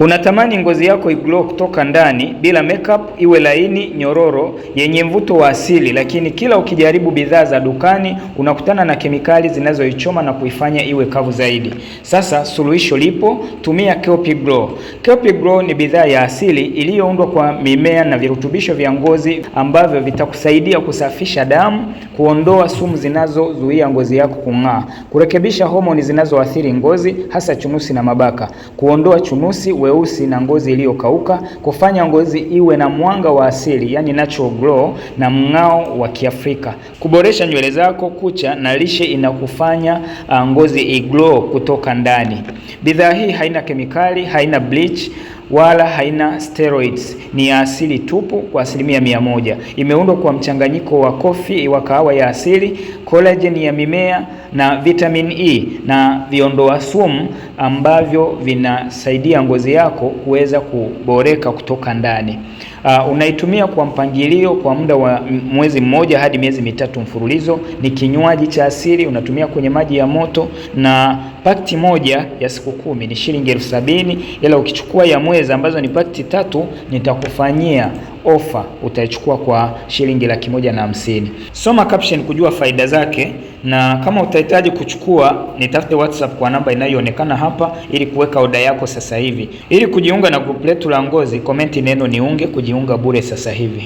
Unatamani ngozi yako iglow kutoka ndani bila makeup, iwe laini nyororo, yenye mvuto wa asili, lakini kila ukijaribu bidhaa za dukani unakutana na kemikali zinazoichoma na kuifanya iwe kavu zaidi. Sasa suluhisho lipo, tumia CopiGlow. Glow ni bidhaa ya asili iliyoundwa kwa mimea na virutubisho vya ngozi ambavyo vitakusaidia kusafisha damu, kuondoa sumu zinazozuia ngozi yako kung'aa, kurekebisha homoni zinazoathiri ngozi, hasa chunusi na mabaka, kuondoa chunusi weusi na ngozi iliyokauka, kufanya ngozi iwe na mwanga wa asili, yani natural glow na mng'ao wa Kiafrika, kuboresha nywele zako, kucha na lishe inakufanya uh, ngozi iglow kutoka ndani. Bidhaa hii haina kemikali, haina bleach wala haina steroids, ni ya asili tupu kwa asilimia mia moja. Imeundwa kwa mchanganyiko wa kofi wa kahawa ya asili, collagen ya mimea na vitamin E na viondoa sumu ambavyo vinasaidia ngozi yako kuweza kuboreka kutoka ndani. Uh, unaitumia kwa mpangilio kwa muda wa mwezi mmoja hadi miezi mitatu mfululizo. Ni kinywaji cha asili, unatumia kwenye maji ya moto na pakti moja ya siku kumi ni shilingi elfu sabini ila ukichukua ya mwezi ambazo ni pakti tatu nitakufanyia ofa, utaichukua kwa shilingi laki moja na hamsini. Soma caption kujua faida zake, na kama utahitaji kuchukua nitafute WhatsApp kwa namba inayoonekana hapa ili kuweka oda yako sasa hivi. Ili kujiunga na grupu letu la Ngozi, komenti neno niunge kujiunga bure sasa hivi.